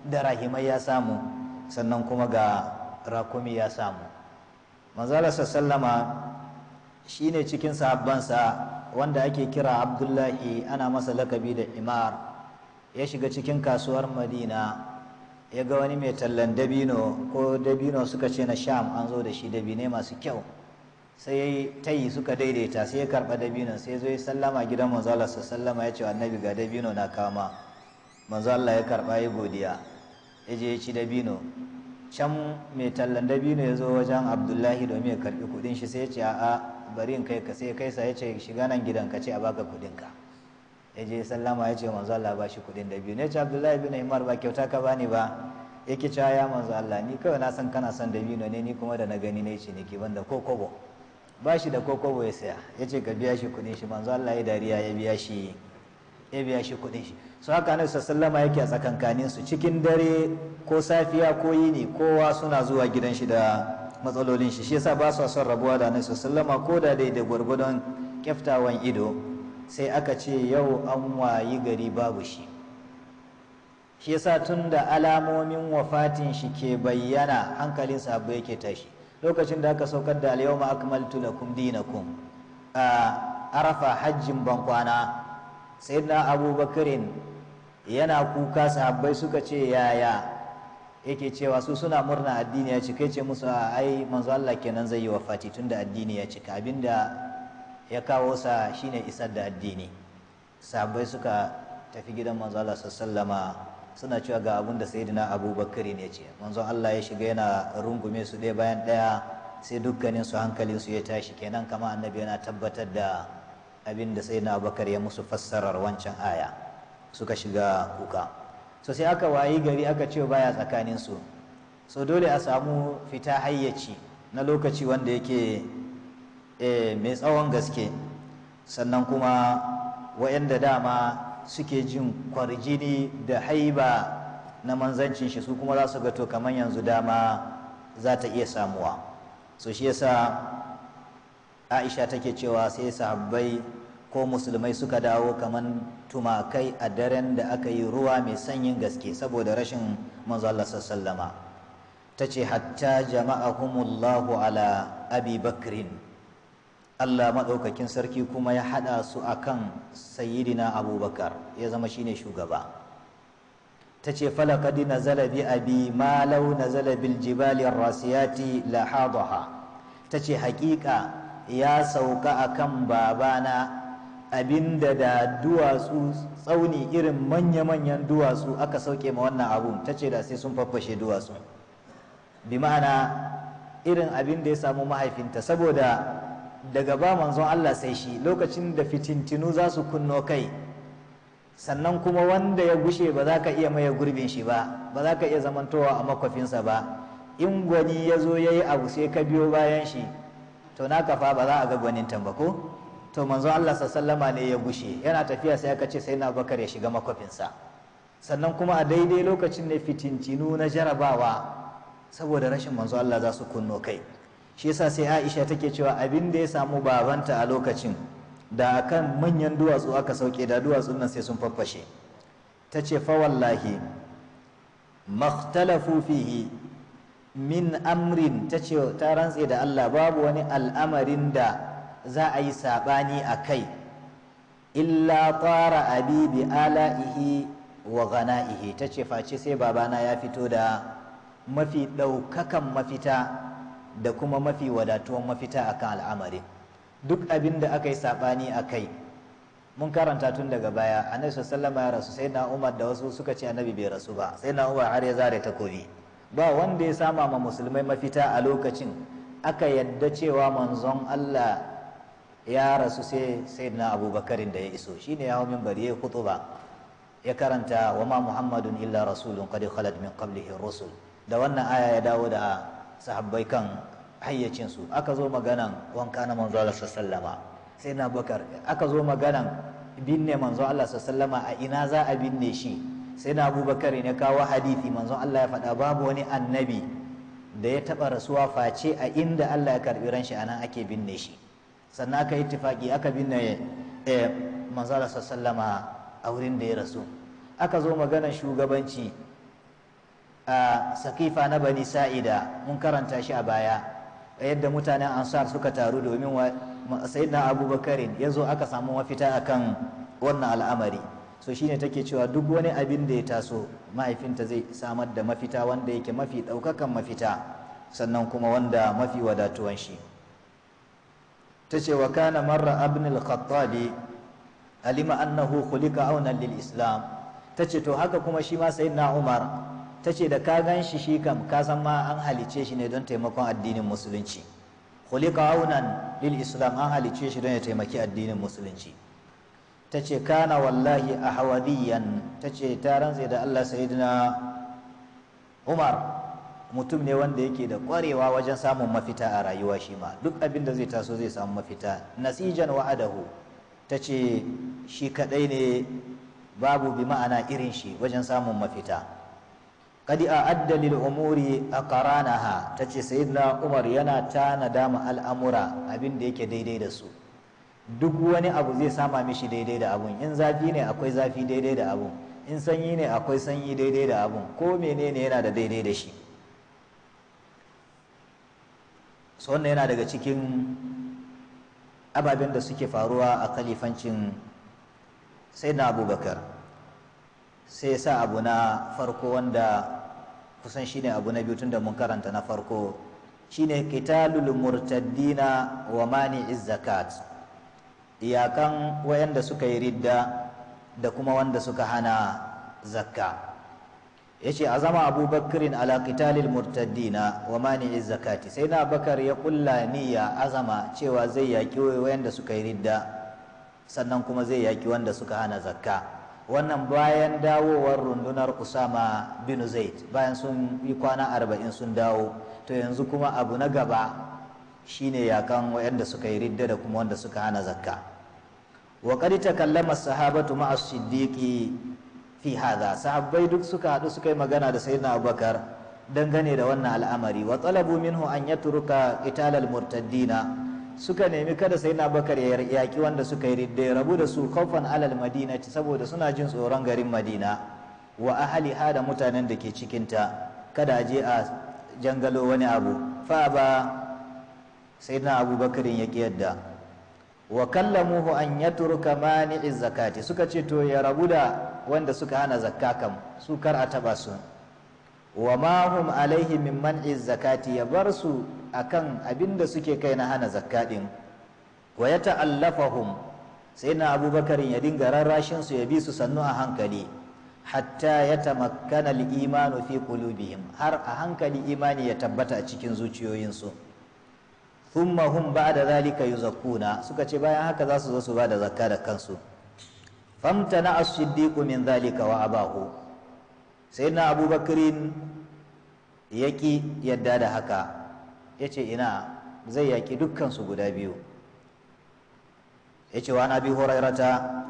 da rahimai ya samu sannan kuma ga rakumi ya samu manzala sallama shine cikin sa wanda ake kira abdullahi ana masa lakabi da imar ya shiga cikin kasuwar madina ya ga wani mai tallan dabino ko dabino suka ce na sham an zo da shi dabine masu kyau sai ya yi tayi suka daidaita sai ya karɓa dabino sai zo ya sallama gidan manzo Allah sallama ya ce annabi ga dabino na kama manzo Allah ya karɓa ya godiya ya je ya ci dabino can mai tallan dabino ya zo wajen abdullahi domin ya karɓi kuɗin shi sai ya ce a'a bari in kai ka sai kai sa ya ce shiga nan gidan ka ce a baka kuɗin ka ya je sallama ya ce manzo Allah ba shi kuɗin da biyu ne ce Abdullahi bin Umar ba kyauta ka bani ba yake cewa ya manzo Allah ni kawai na san kana son da biyu ne ni kuma da na gani ne ce niki banda ko kobo ba shi da ko kobo ya saya ya ce ka biya shi kuɗin shi manzo Allah ya dariya ya biya shi ya biya shi kuɗin shi su haka sa sallama yake a tsakankanin su cikin dare ko safiya ko yini kowa suna zuwa gidan shi da matsalolin shi shi yasa ba su son rabuwa da sa sallama ko da dai da gwargwadon kyaftawan ido sai aka ce yau an wayi gari babu shi shi yasa tun da alamomin wafatin shi ke bayyana hankalin sabo yake tashi lokacin da aka saukar da alyawma akmaltu lakum dinakum a arafa hajjin bankwana sayyidina abubakarin yana kuka sahabbai suka ce yaya yake cewa su suna murna addini ya cika ce musu ai manzo Allah kenan zai yi wafati tunda addini ya cika abinda ya kawo sa shine isar da addini sahabbai suka tafi gidan manzo Allah sallama suna cewa ga abin da sayyidina Abubakar ne ce manzo Allah ya shiga yana rungume su ɗaya bayan ɗaya sai dukkanin su hankalin su ya tashi kenan kama annabi yana tabbatar da abin da sayyidina Abubakar ya musu fassarar wancan aya suka shiga kuka so sai aka wayi gari aka ce baya tsakanin su so dole a samu fita hayyaci na lokaci wanda yake Eh, mai tsawon gaske sannan kuma waɗanda dama suke jin kwarjini da haiba na manzancin shi su kuma za su gato kamar yanzu dama za ta iya samuwa so shi yasa aisha take cewa sai sahabbai ko musulmai suka dawo kamar tumakai a daren da aka yi ruwa mai sanyin gaske saboda rashin manzallar Allah sallama ta ce hatta jama'ahumullahu ala abi bakrin Allah maɗaukakin sarki kuma ya haɗa su a kan sayidina abubakar ya zama shine shugaba ta ce falakadi na zalabi abi malau na zalabin jibalin rasiyati lahadaha ta ce hakika ya sauka a kan babana abinda da duwatsu tsauni irin manya-manyan duwatsu aka sauke ma wannan abun ta ce da sai sun faffashe duwatsu bi ma'ana irin abin da ya samu mahaifinta saboda daga ba manzon Allah sai shi lokacin da fitintinu za su kunno kai sannan kuma wanda ya gushe ba za ka iya maye gurbin shi ba ba za ka iya zamantowa a makwafinsa ba in gwani ya zo ya yi abu sai ka biyo bayan shi to na kafa ba za a ga gwanin tambako? to manzon Allah sallama ne ya gushe yana tafiya sai aka ce sai na bakar ya shiga makwafinsa sannan kuma a daidai lokacin ne fitintinu na jarabawa saboda rashin manzo Allah za su kunno kai shi yasa sai aisha take cewa abin da ya samu babanta a lokacin da akan manyan duwatsu aka sauke da duwatsun nan sai sun faffashe ta ce fa wallahi makhtalafu fihi min amrin ta ce ta rantse da Allah babu wani al'amarin da za a yi saɓani a kai illa tsara abibi bi ala'ihi wa gana'ihi ta ce face sai babana ya fito da mafi ɗaukakan mafita da kuma mafi wadatuwan mafita akan al'amari duk abin da aka yi saɓani a kai mun karanta tun daga baya annabi sallama ya rasu sai na umar da wasu suka ce annabi bai rasu ba sai na umar har ya zare takobi ba wanda ya sama ma musulmai mafita a lokacin aka yadda cewa manzon Allah ya rasu sai sai na abubakarin da ya iso shine ya hau minbari ya yi kutuba ya karanta wa ma muhammadun illa rasulun qad khalat min qablihi rusul da wannan aya ya dawo da sahabbai kan hayyacinsu aka zo maganan wanka na manzo Allah sallama sai na bakar aka zo maganan binne manzo Allah sallama a ina za a binne shi sai na abubakar ne kawo hadithi manzo Allah ya faɗa babu wani annabi da ya taɓa rasuwa face a inda Allah ya karɓi ran shi anan ake binne shi sannan aka yi tufaƙi aka binne eh, manzo Allah sallama a wurin da ya rasu aka zo maganan shugabanci a sakifa na bani sa'ida mun karanta shi a baya A yadda mutanen ansar suka taru domin sayyidina abubakarin ya zo aka samu mafita akan wannan al'amari so shine take cewa duk wani abin da ya taso mahaifinta zai samar da mafita wanda yake mafi ɗaukakan mafita sannan kuma wanda mafi wadatuwan shi ta ce wa kana marra abnul khattabi alima annahu khuliqa auna lil islam ta ce to haka kuma shi ma sayyidina umar ta ce da ka gan shi shi kam ka san ma an halice shi ne don taimakon addinin musulunci khuliqa aunan lil islam an halice shi don ya taimaki addinin musulunci ta ce kana wallahi ahwadiyan ta ce ta rantse da Allah sayyidina Umar mutum ne wanda yake da kwarewa wajen samun mafita a rayuwa shi ma duk abin da zai taso zai samu mafita nasijan wa'adahu ta ce shi kadai ne babu bi ma'ana irin shi wajen samun mafita kadi a addalil umuri a karanaha ta ce na umar yana ta nadama al'amura abin da yake daidai da su duk wani abu zai sama mishi daidai da abun in zafi ne akwai zafi daidai da abun in sanyi ne akwai sanyi daidai da abun ko menene yana da daidai da shi so wannan yana daga cikin ababen da suke faruwa a kalifancin sai na abubakar sai sa abu na farko wanda kusan shine abu na biyu tunda mun karanta na farko shine qitalul murtaddina wa mani'iz zakat iyakan wayanda suka yi ridda da kuma wanda suka hana zakka yace azama abubakarin ala qitalil murtaddina wa mani'iz zakati sai na bakar ya kulla niyya azama cewa zai yaki wayanda suka yi ridda sannan kuma zai yaki wanda suka hana zakka wannan bayan dawowar rundunar usama bin zaid bayan sun yi kwana arba'in sun dawo to yanzu kuma abu na gaba shine yakan wayanda suka yi ridda da kuma wanda suka hana zakka wa qad takallama sahabatu as siddiqi fi hadha sahabbai duk suka hadu suka yi magana da sayyidina abubakar dangane da wannan al'amari wa talabu minhu an yatruka al murtaddina suka nemi kada sai na bakar ya yaki wanda suka yi ridda ya rabu da su kofan alal madina saboda suna jin tsoron garin madina wa ahali ha da mutanen da ke cikinta kada a je a jangalo wani abu fa ba sai na bakarin ya yadda wa kallamuhu an ya turka mani'i zakati suka ce to ya rabu da wanda suka hana zakka kam su kar a taɓa su wa mahum hum alaihi min man'i zakati ya bar su akan abinda suke kai na hana zakadin wa ya ta'allafahum sai na abubakar ya dinga rarrashin su ya bi su sannu a hankali hatta ya tamakkana al-imanu fi qulubihim har a hankali imani ya tabbata a cikin zuciyoyinsu thumma hum ba'da zalika yuzakkuna suka ce bayan haka za su zo su bada zakka da kansu famtana as-siddiq min zalika wa abahu sayyidina abubakarin ya ƙi yadda da haka ya ce ina zai yaƙi dukkansu guda biyu ya ce wa na bi horairata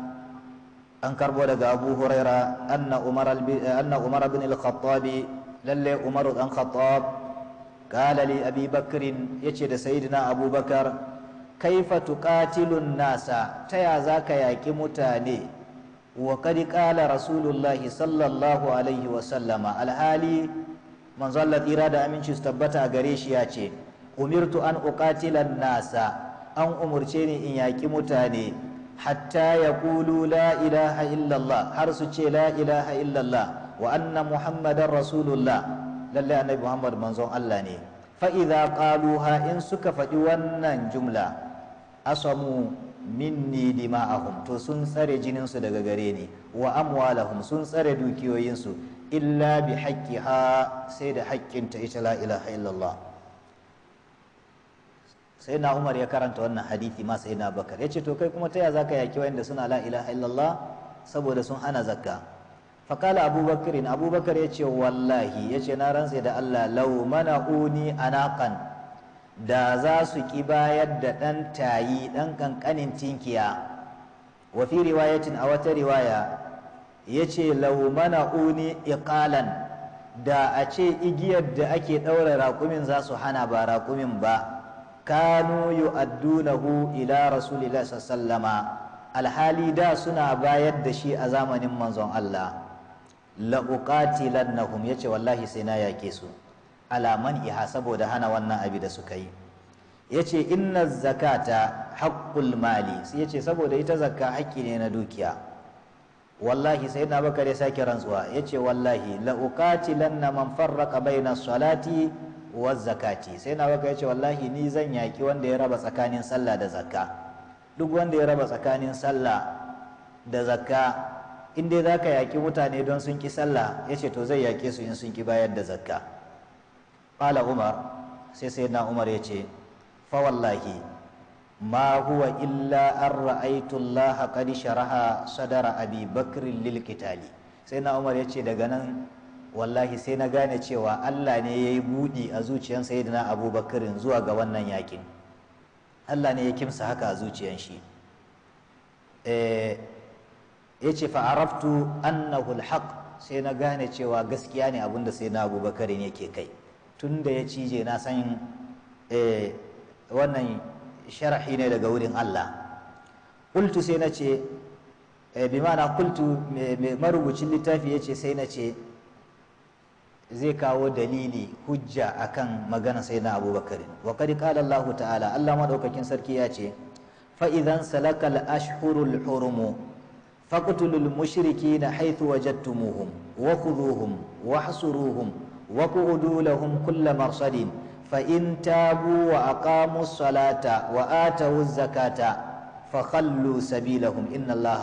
an karbo daga abu huraira anna umar bin al-khattabi lalle umar dan khattab qala li abi bakrin yace da sayyidina abubakar kaifa tuqatilun nasa taya zaka yaki mutane wa qad qala rasulullahi sallallahu alaihi wa sallama alhali manzo Allah tsira da aminci su tabbata a gare shi ya ce umirtu an uqatilan nasa an umurce ni in yaki mutane hatta yaqulu la ilaha illallah har su ce la ilaha illallah wa anna muhammadar rasulullah lalle annabi muhammad manzon Allah ne fa idza qaluha in suka faɗi wannan jumla asamu minni dima'ahum to sun tsare jininsu daga gare ni wa amwalahum sun tsare dukiyoyinsu illa bi haqqiha sai da haƙƙinta ita la ilaha illallah sai na umar ya karanta wannan hadithi ma sai na bakar ya ce to kai kuma ta ya zaka yaki wayanda suna la ilaha illallah saboda sun hana zakka Fakala abubakar abubakar ya ce wallahi ya ce na rantse da Allah lau uni anaqan da za su ki bayar da ɗan tayi ɗan ƙanƙanin tinkiya wa fi riwayatin a wata riwaya yace laumana uni iqalan da a ce igiyar da ake ɗaura raƙumin za su hana ba raƙumin ba kanu addunahu ila rasulillahi sallama alhali da suna bayar da shi a zamanin manzon Allah la ya yace wallahi sai na yake su alaman iha saboda hana wannan abi da suka yi yace inna zakata haqqul mali yace saboda ita zakka haƙƙi ne na dukiya wallahi sai na baka ya sake rantsuwa ya ce wallahi la'ukaci lanna man farraka baina salati wa zakati sai na baka ya ce wallahi ni zan yaƙi wanda ya raba tsakanin sallah da zakka duk wanda ya raba tsakanin sallah da zakka inda za ka yaƙi mutane don sun ƙi sallah ya ce to zai yaƙe su in sun ƙi bayar da zakka ƙala umar sai sai na umar ya ce fa wallahi ما هو Laha أن رأيت الله abi شرح صدر Sai na Umar ya ce daga nan wallahi sai na gane cewa Allah ne ya yi buɗi a zuciyan na abubakarin zuwa ga wannan yakin Allah ne ya kimsa haka a zuciyan shi ya ce fa'araftu annahu alhaq sai na gane cewa gaskiya ne abinda sai na abubakarin yake kai tun da ya cije na san wannan sharhi ne daga wurin Allah qultu sai na ce eh, bi mana qultu marubucin littafi yace sai na ce zai kawo dalili hujja akan magana sai na abubakar wa kadi kala Allah ta'ala Allah madaukakin sarki ya ce faizan salakal ashhurul hurumu faqtulul mushrikina haythu wajadtumuhum wa khudhuhum wa hasuruhum wa qu'udu lahum kulla marsadin فإن تابوا وأقاموا الصلاة وآتوا الزكاة فخلوا سبيلهم إن الله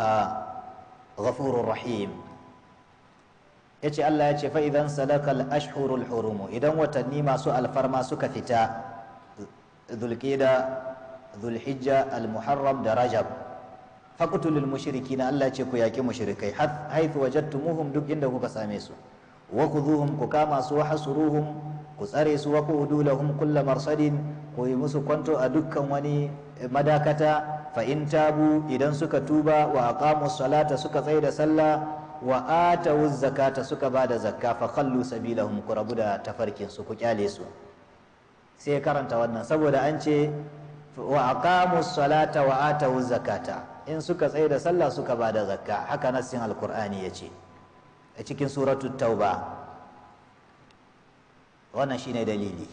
غفور رحيم yace Allah yace fa idan sadakal ashhurul hurum idan watanni masu alfarma suka fita dhulqida dhulhijja almuharram da rajab mushiriki na Allah yace ku yaki mushrikai haithu wajadtumuhum duk inda kuka same su wa khudhuhum ku kama su wa hasuruhum ku tsare su wa kudu lahum kulla marsadin ku yi musu kwanto a dukkan wani madakata fa in tabu idan suka tuba wa aqamu salata suka tsaye da sallah wa atawu zakata suka ba da zakka fa khallu sabilahum ku rabu da tafarkin su ku kyale su sai karanta wannan saboda an ce wa aqamu salata wa atawu zakata in suka tsaye da sallah suka ba da zakka haka nassin alqur'ani yace a cikin suratul tauba wannan shine dalili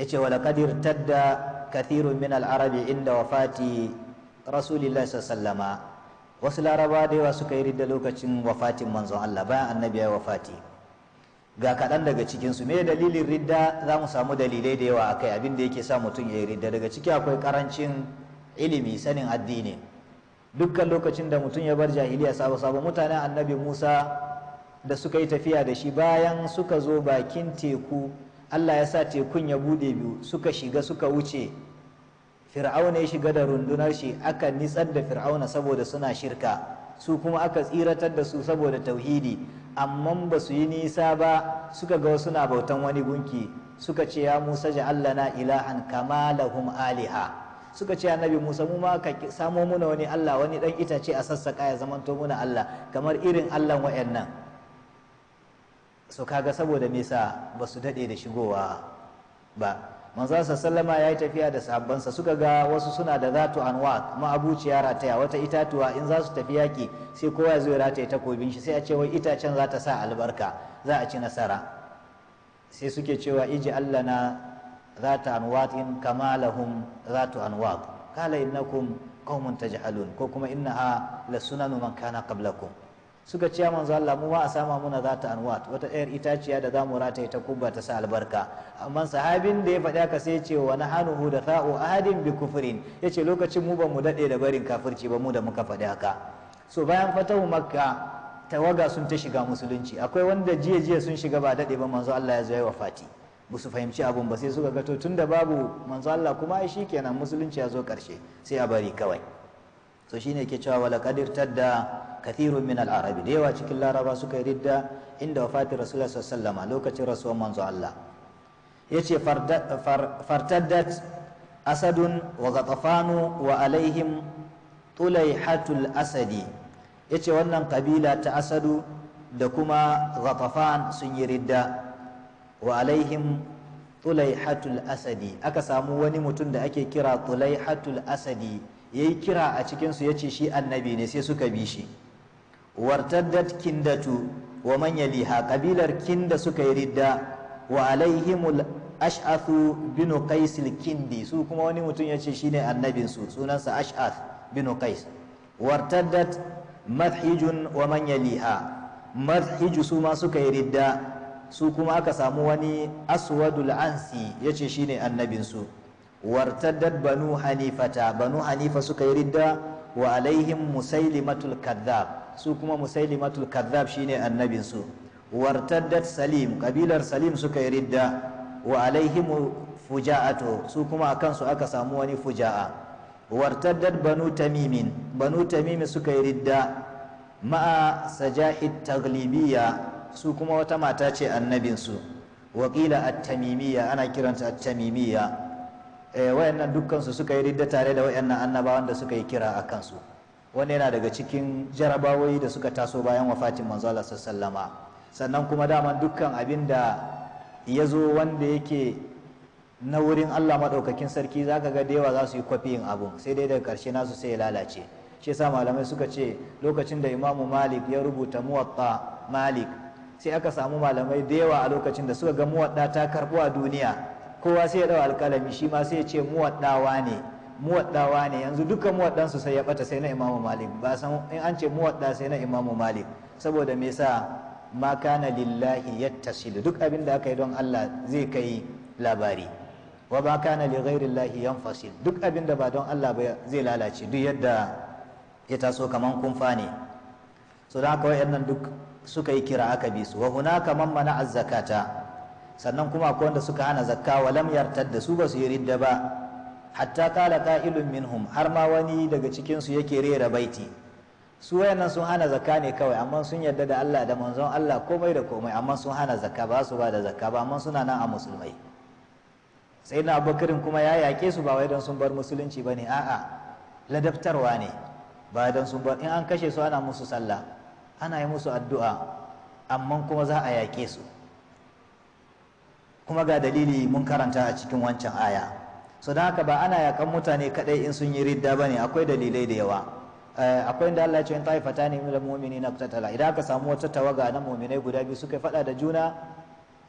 yace wala kadir tadda kathiru min al-arabi inda wafati rasulillahi sallama wasu laraba da yawa suka yi ridda lokacin wafatin manzon Allah bayan annabi ya wafati ga kaɗan daga cikin su me dalilin ridda za mu samu dalilai da yawa akai abin da yake sa mutum ya yi ridda daga ciki akwai karancin ilimi sanin addini dukkan lokacin da mutum ya bar jahiliya sabo sabo mutanen annabi Musa da suka yi tafiya da shi bayan suka zo bakin teku Allah ya sa tekun ya bude biyu suka shiga suka wuce fir'auna ya shiga da rundunar shi aka nitsar da fir'auna saboda suna shirka su kuma aka tsiratar da su saboda tauhidi amma ba su yi nisa ba suka ga wasu bautan wani gunki suka ce ya musa ja Allah na ilahan kama lahum aliha suka ce annabi musa mu ma ka samo muna wani Allah wani dan itace a sassaka ya zamanto muna Allah kamar irin Allah wa'annan so kaga saboda nesa ba su daɗe da shigowa ba manzo sallama ya yi tafiya da sahabbansa suka ga wasu suna da zatu anwa ma'abuciya rataya wata itatuwa in za su tafi yaki sai kowa ya zo ya rataye takobin shi sai a ce wai itacen za ta sa albarka za a ci nasara sai suke cewa iji allah na zata in kama lahum zatu anwa kala innakum qaumun tajhalun ko kuma la sunanu man kana qablakum suka ce manzo Allah mu ma a sama muna za ta anwat wata ɗayar itaciya da zamu rataye ta kubba ta sa albarka amma sahabin da ya faɗi ka sai ce wa nahanuhu da tha'u ahadin bi kufrin yace lokacin mu ba mu dade da barin kafirci ba mu da muka faɗi ka so bayan fatahu makka tawaga sun ta shiga musulunci akwai wanda jiya jiya sun shiga ba dade ba manzo Allah ya zo ya wafati ba su fahimci abun ba sai suka ga to tunda babu manzo Allah kuma ai shikenan musulunci ya zo karshe sai a bari kawai so shine ke cewa wala qadirtar da kathirun min al-arabi da yawa cikin laraba suka yi ridda inda wafatin rasulullah sallallahu alaihi lokacin rasuwar manzo Allah yace fartaddat asadun wa ghatafanu wa alaihim tulaihatul asadi yace wannan kabila ta asadu da kuma ghatafan sun yi ridda wa alaihim tulaihatul asadi aka samu wani mutum da ake kira tulaihatul asadi ya yi kira a cikinsu ya ce shi annabi ne sai suka bi shi wartaddat kindatu wa manya liha kabilar kinda suka yi ridda wa alaihimul ash'athu bin qais kindi su kuma wani mutum ya ce shine annabin su sunansa ash'ath bin qais wartaddat madhijun wa manya liha madhiju su ma suka yi ridda su kuma aka samu wani aswadul ansi ya ce shine annabin su wartaddat banu hanifata banu hanifa suka yi ridda wa alaihim musailimatul kadhab su kuma musailimatul kadhab shine annabin su wartaddat salim kabilar salim suka yi ridda wa alaihim su kuma akan su aka samu wani fuja'a wartaddat banu tamimin banu tamimi suka yi ridda ma'a sajahid taglibiya su kuma wata mata ce annabin su wakila at-tamimiyya ana kiranta at-tamimiyya Eh, wayannan dukkansu suka yi ridda tare da wayannan annabawan da suka yi kira a kansu wani yana daga cikin jarabawoyi da suka taso bayan wafatin manzo Allah sallama sannan kuma dama dukkan abin da ya zo wanda yake na wurin Allah maɗaukakin sarki zaka ga da yawa za su yi kwafiyin abun sai dai daga ƙarshe nasu sai ya lalace shi yasa malamai suka ce lokacin da imamu malik ya rubuta muwatta malik sai aka samu malamai da yawa a lokacin da suka ga muwatta ta karɓo a duniya kowa sai ya ɗau alƙalami shi ma sai ya ce muwaddawa ne muwaddawa ne yanzu duka muwaddansu sai ya bata sai na imamu malik ba san in an ce muwadda sai na imamu malik saboda me sa ma kana lillahi yattasilu duk abin da aka yi don Allah zai kai labari wa ba kana li ghairi llahi yanfasil duk abin da ba don Allah ba zai lalace duk yadda ya taso kaman kumfa ne so da haka wa'annan duk suka yi kira aka bi su wa hunaka man mana az-zakata sannan kuma akwai wanda suka hana zakka wa lam yartad da su ba su yi ridda ba hatta kala qa'ilun minhum har ma wani daga cikin su yake rera baiti su wayannan sun hana zakka ne kawai amma sun yarda da Allah da manzon Allah komai da komai amma sun hana zakka ba su ba da zakka ba amma suna nan a musulmai sai na abubakarin kuma ya yaƙe su ba wai don sun bar musulunci ba ne a'a ladabtarwa ne ba don sun bar in an kashe su ana musu sallah ana yi musu addu'a amma kuma za a yaƙe su kuma ga dalili mun karanta a cikin wancan aya so don haka ba ana yakan mutane kadai in sun yi ridda ba ne akwai dalilai da yawa eh, akwai inda Allah ya ce in ta ne mil mu'mini na kutatala idan aka samu wata tawaga na mu'minai guda biyu suka faɗa da juna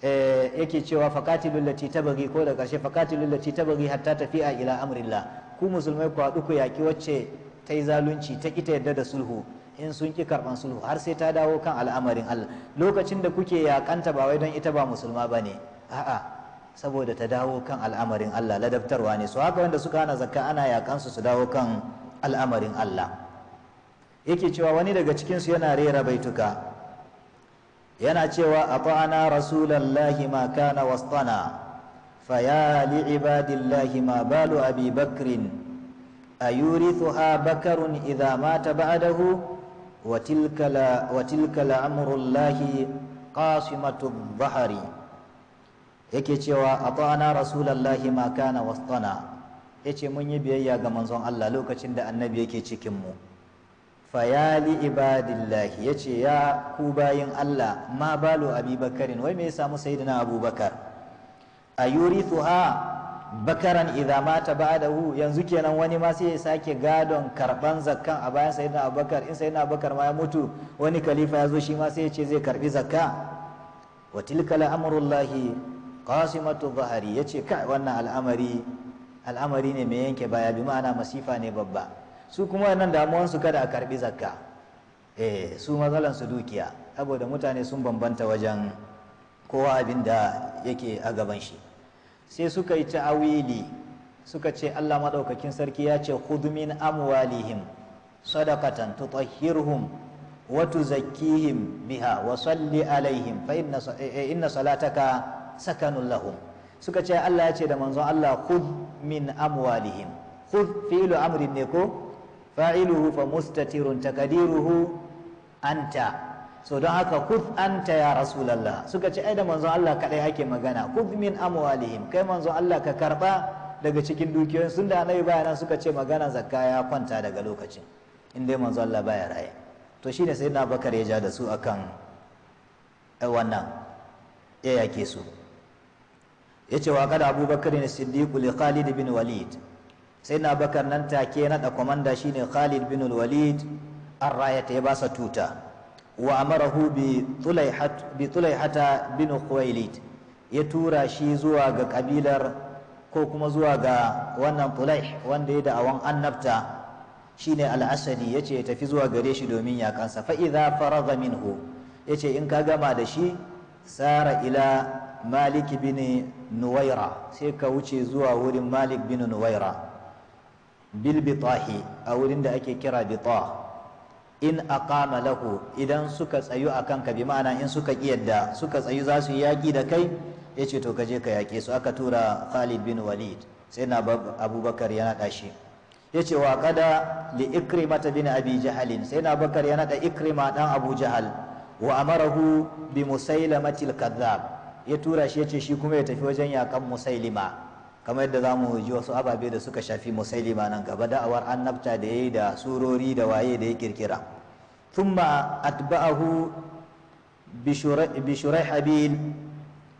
eh, yake cewa fakati lullati tabagi ko da ƙarshe fakati lullati tabagi hatta a ila amrillah ku musulmai ku haɗu ku yaƙi wacce ta yi zalunci ta ƙi ta yarda da sulhu in sun ƙi karɓan sulhu har sai ta dawo kan al'amarin Allah lokacin da kuke yaƙanta ba wai don ita ba musulma ba ne a'a saboda ta dawo kan al'amarin Allah ladabtarwa ne su haka wanda suka hana zakka ana yakan su su dawo kan al'amarin Allah yake cewa wani daga cikin su yana rera baituka yana cewa ata'ana rasulallahi ma kana wastana ya li ibadillahi ma balu abi bakrin ayurithuha bakarun idha mata ba'dahu وتلك لا وتلك لأمر الله قاسمة الظهر yake cewa a ata'ana rasulallahi ma kana Ya ce mun yi biyayya ga manzon Allah lokacin da annabi yake cikin mu fayali ibadillahi yace ya ku bayin Allah ma balu abubakarin wai mai samu sayyidina abubakar A yuri ha bakaran idza mata hu yanzu kenan wani ma sai ya sake gadon karban zakkan a bayan sayyidina abubakar in sayyidina abubakar ma ya mutu wani kalifa ya zo shi ma sai ya ce zai karbi zakka wa tilka la qasimatu bahari yace kai wannan al'amari al'amari ne mai yanke baya bi ma'ana masifa ne babba su kuma nan damuwan su kada a karbi zakka eh su matsalan su dukiya saboda mutane sun bambanta wajen kowa abin da yake a gaban shi sai suka yi ta'awili suka ce Allah madaukakin sarki ya ce khudmin amwalihim sadaqatan tutahhirhum wa tuzakkihim biha wa salli alaihim fa inna eh, eh, salataka sakanun lahum suka ce Allah ya ce da manzon Allah khudh min amwalihim Kud fi'lu amrin ne ko fa'iluhu fa mustatirun takadiruhu anta so don haka kud anta ya rasulullah suka ce ai da manzon Allah kadai ake magana kud min amwalihim kai manzon Allah ka karba daga cikin dukiyoyin sun da annabi bayanan suka ce magana zakka ya kwanta daga lokacin inda manzo Allah baya raye to shine sayyidina Bakar ya ja da su akan eh, wannan ya yake su ya ce wa kada abubakar ne siddiqu li khalid bin walid sai na bakar nan take da kwamanda shine khalid bin walid an ta ya basa tuta wa amarahu bi tulaihata bin khuwailid ya tura shi zuwa ga kabilar ko kuma zuwa ga wannan tulaih wanda ya da awon annabta shine al'asadi ya ce ya tafi zuwa gare shi domin ya fa idza faraga minhu ya ce in ka gama da shi sara ila malik bin nuwaira sai ka wuce zuwa wurin malik bin nuwaira bil bitahi a wurin da ake kira bitah in aqama lahu idan suka tsayu akan ka bi ma'ana in suka kiyarda suka tsayu za su yaki da kai yace to je ka yake su aka tura Khalid bin Walid sai na Abubakar ya nada shi yace wa qada li ikrimata bin abi jahal sai na Abubakar ya nada ikrima dan Abu Jahal wa amarahu bi musailamatil kadhab ya tura shi ya ce shi kuma ya tafi wajen yakan musailima kamar yadda za mu ji wasu ababe da suka shafi musailima nan gaba da'awar annabta da ya yi da surori da waye da ya kirkira thumma atba'ahu shurai habil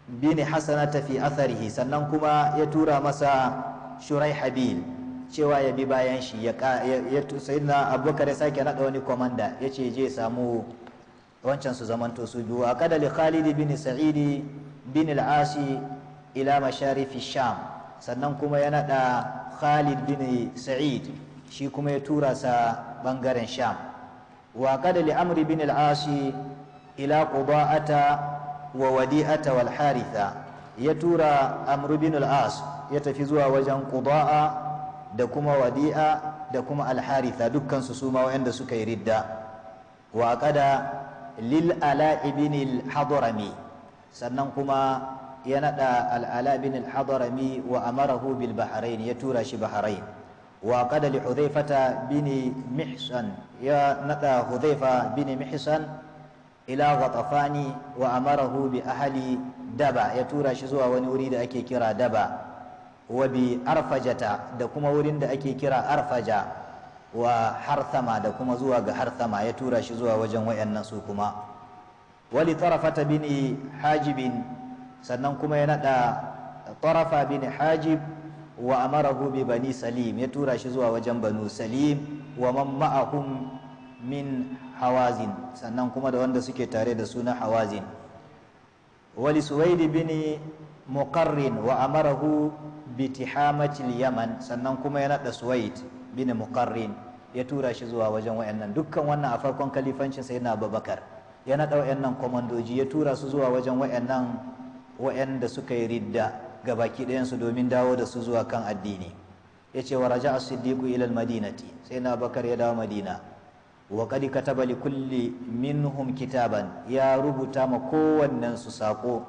bin hasanata fi atharihi sannan kuma ya tura masa shurai habil cewa ya bi bayan shi ya sayyidina abubakar ya sake naɗa wani kwamanda ya ce je samu wancan su zamanto su biyu a kada li khalid bin sa'idi bin al-asi ila masharifi sham sannan kuma ya nada khalid bin sa'id shi kuma ya tura sa bangaren sham wa qad li amri bin al ila quba'ata wa wadi'ata wal haritha ya tura amru bin al-as ya tafi zuwa wajen quda'a da kuma wadi'a da kuma alharitha dukkan su suma wa'anda suka yi ridda wa qada lil ala ibn al-hadrami sannan kuma ya naɗa al'ala bin al-hadarami wa amarahu bil bahrain ya tura shi bahrain wa qada li hudhaifata bin mihsan ya naɗa hudhaifa bin mihsan ila ghatafani wa amarahu bi ahli daba ya tura shi zuwa wani wuri da ake kira daba wa bi arfajata da kuma wurin da ake kira arfaja wa harthama da kuma zuwa ga harthama ya tura shi zuwa wajen wayannan su kuma wali tarafata bin hajibin sannan kuma ya nada tarafa bini hajib wa amarahu bi bani salim ya tura shi zuwa wajen banu salim wa man ma'ahum min hawazin sannan kuma da wanda suke tare da suna hawazin wali suwaidi bini muqarrin wa amarahu bi tihamatil yaman sannan kuma ya nada suwaid bini muqarrin ya tura shi zuwa wajen wayannan dukkan wannan a farkon kalifancin sayyidina abubakar ya naɗa nan kwamandoji ya tura su zuwa wajen wayannan wayanda suka yi ridda ga baki ɗayansu domin dawo da su zuwa kan addini ya ce wa raja a siddiku ilal madinati sai na bakar ya dawo madina wa qad kataba kulle kulli minhum kitaban ya rubuta ma kowannen su sako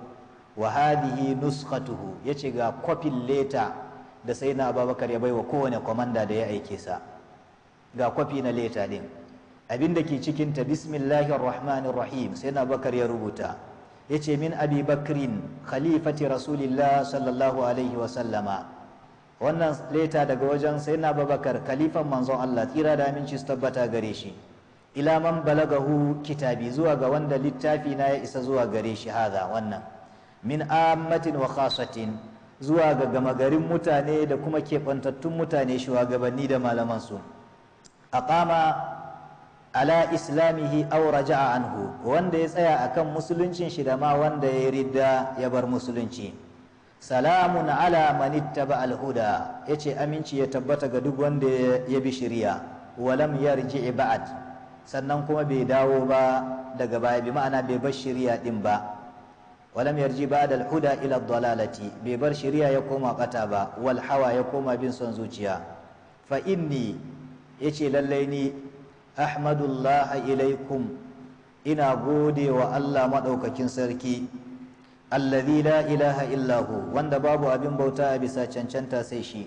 wa nuskatuhu ya ce ga kwafin leta da sai na ababakar ya wa kowane kwamanda da ya aike sa ga kwafi na leta din abin da ke cikin ta bismillahir rahmanir rahim sai na bakar ya rubuta Ya ce min abi bakrin khalifati rasulillah sallallahu alaihi wa sallama wannan leta daga wajen sai na babakar khalifan manzon Allah tsira da aminci su tabbata gare shi ila man balagahu kitabi zuwa ga wanda littafi na ya isa zuwa gare shi haza wannan min ammatin wa khasatin zuwa ga gama garin mutane da kuma keɓantattun mutane shugabanni da malamansu. A aqama ala islamihi aw raja'a anhu wanda ya tsaya akan musuluncin shi da ma wanda ya ridda ya bar musulunci salamun ala man ittaba al huda yace aminci ya tabbata ga duk wanda ya bi shari'a walam yarji ba'd sannan kuma bai dawo ba daga baya bi ma'ana bai bar shari'a din ba walam yarji ba'd al huda ila dalalati bai bar shari'a ya koma kata ba wal hawa ya koma bin son zuciya fa inni yace lallai ni ahmadullah ilaikum ina gode wa Allah maɗaukakin sarki allazi la ilaha illahu wanda babu abin bauta a bisa cancanta sai shi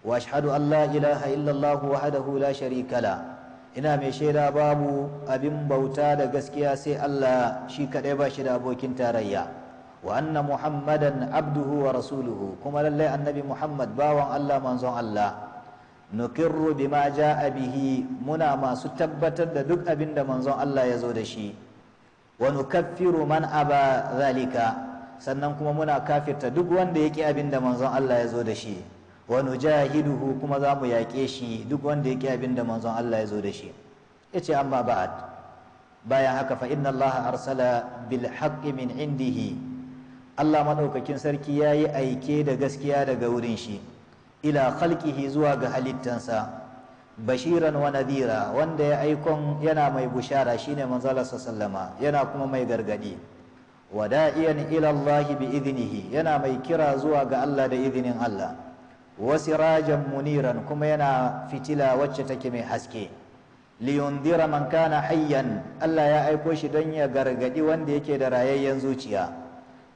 wa ashhadu an la ilaha illallah wahdahu la sharikala ina mai shaida babu abin bauta da gaskiya sai Allah shi kaɗai ba shi da abokin tarayya wa anna muhammadan abduhu wa rasuluhu kuma lallai annabi muhammad bawan Allah manzon Allah nukirru bima ja'a bihi muna masu tabbatar da duk abin da manzon Allah ya zo da shi wa nukaffiru man aba zalika sannan kuma muna kafirta duk wanda yake abin da manzon Allah ya zo da shi wa nujahiduhu kuma za mu yaƙe shi duk wanda yake abin da manzon Allah ya zo da shi yace amma ba'ad bayan haka fa inna Allah arsala bil haqqi min indihi Allah madaukakin sarki yayi aike da gaskiya daga wurin shi ila khalqihi zuwa ga halittansa bashiran wa nadhira wanda ya aikon yana mai bushara shine manzala sallama yana kuma mai gargadi wada'iyan ila Allah bi idnihi yana mai kira zuwa ga Allah da idinin Allah wa sirajan muniran kuma yana fitila wacce take mai haske liyundira man kana hayyan Allah ya aiko shi don ya gargadi wanda yake da rayayyen zuciya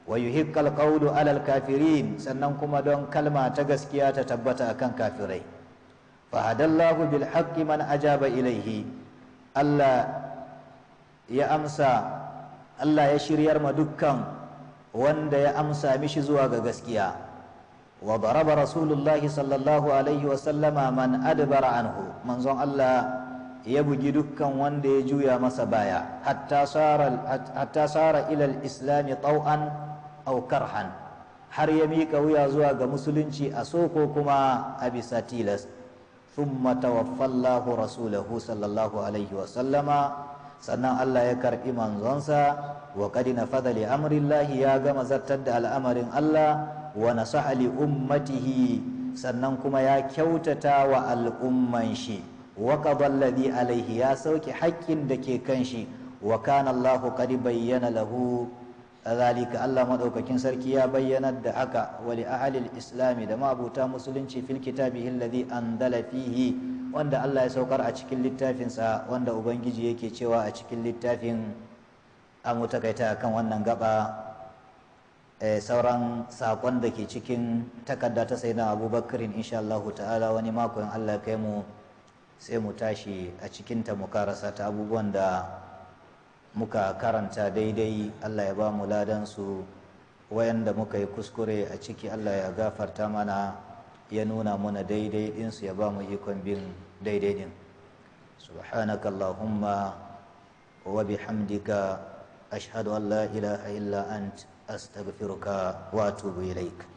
wa yuhiqqal qawlu alal kafirin sannan kuma don kalma ta gaskiya ta tabbata akan kafirai fa hadallahu bil haqqi man ajaba ilaihi Allah ya shiryar ma dukkan wanda ya amsa mishi zuwa ga gaskiya wa daraba rasulullahi sallallahu alaihi wa sallama man adbara anhu manzon Allah ya bugi dukkan wanda ya juya masa baya hatta sara ilal islami tau'an aukarhan har ya miƙa wuya zuwa ga musulunci a so ko kuma a bisa tilas thumma tawaffallahu rasulahu sallallahu alaihi wasallama sannan Allah ya karɓi manzonsa wa na fadali amrillahi ya gama zartar da al'amarin Allah wa nasaha ummatihi sannan kuma ya kyautata wa al'umman shi wa qadalladhi alaihi ya sauke haƙƙin da ke kan shi wa kana bayyana lahu kazalika Allah madaukakin sarki ya bayyanar da aka wali ahlil islami da mabuta musulunci fil kitabi alladhi andala fihi wanda Allah ya saukar a cikin littafin sa wanda ubangiji yake cewa a cikin littafin amu takaita kan wannan gaba eh, sauran sakon da ke cikin takarda ta sayyidina Abubakar insha Allah ta'ala wani mako Allah ya kai mu sai mu tashi a cikin ta mu karasa ta abubuwan da muka karanta daidai Allah ya ba mu ladansu wayanda muka yi kuskure a ciki Allah ya gafarta mana ya nuna mana daidai ɗinsu ya ba mu ikon bin daidai ɗin Allahumma wa bihamdika ashhadu an la ilaha illa ant astaghfiruka wato atubu laika.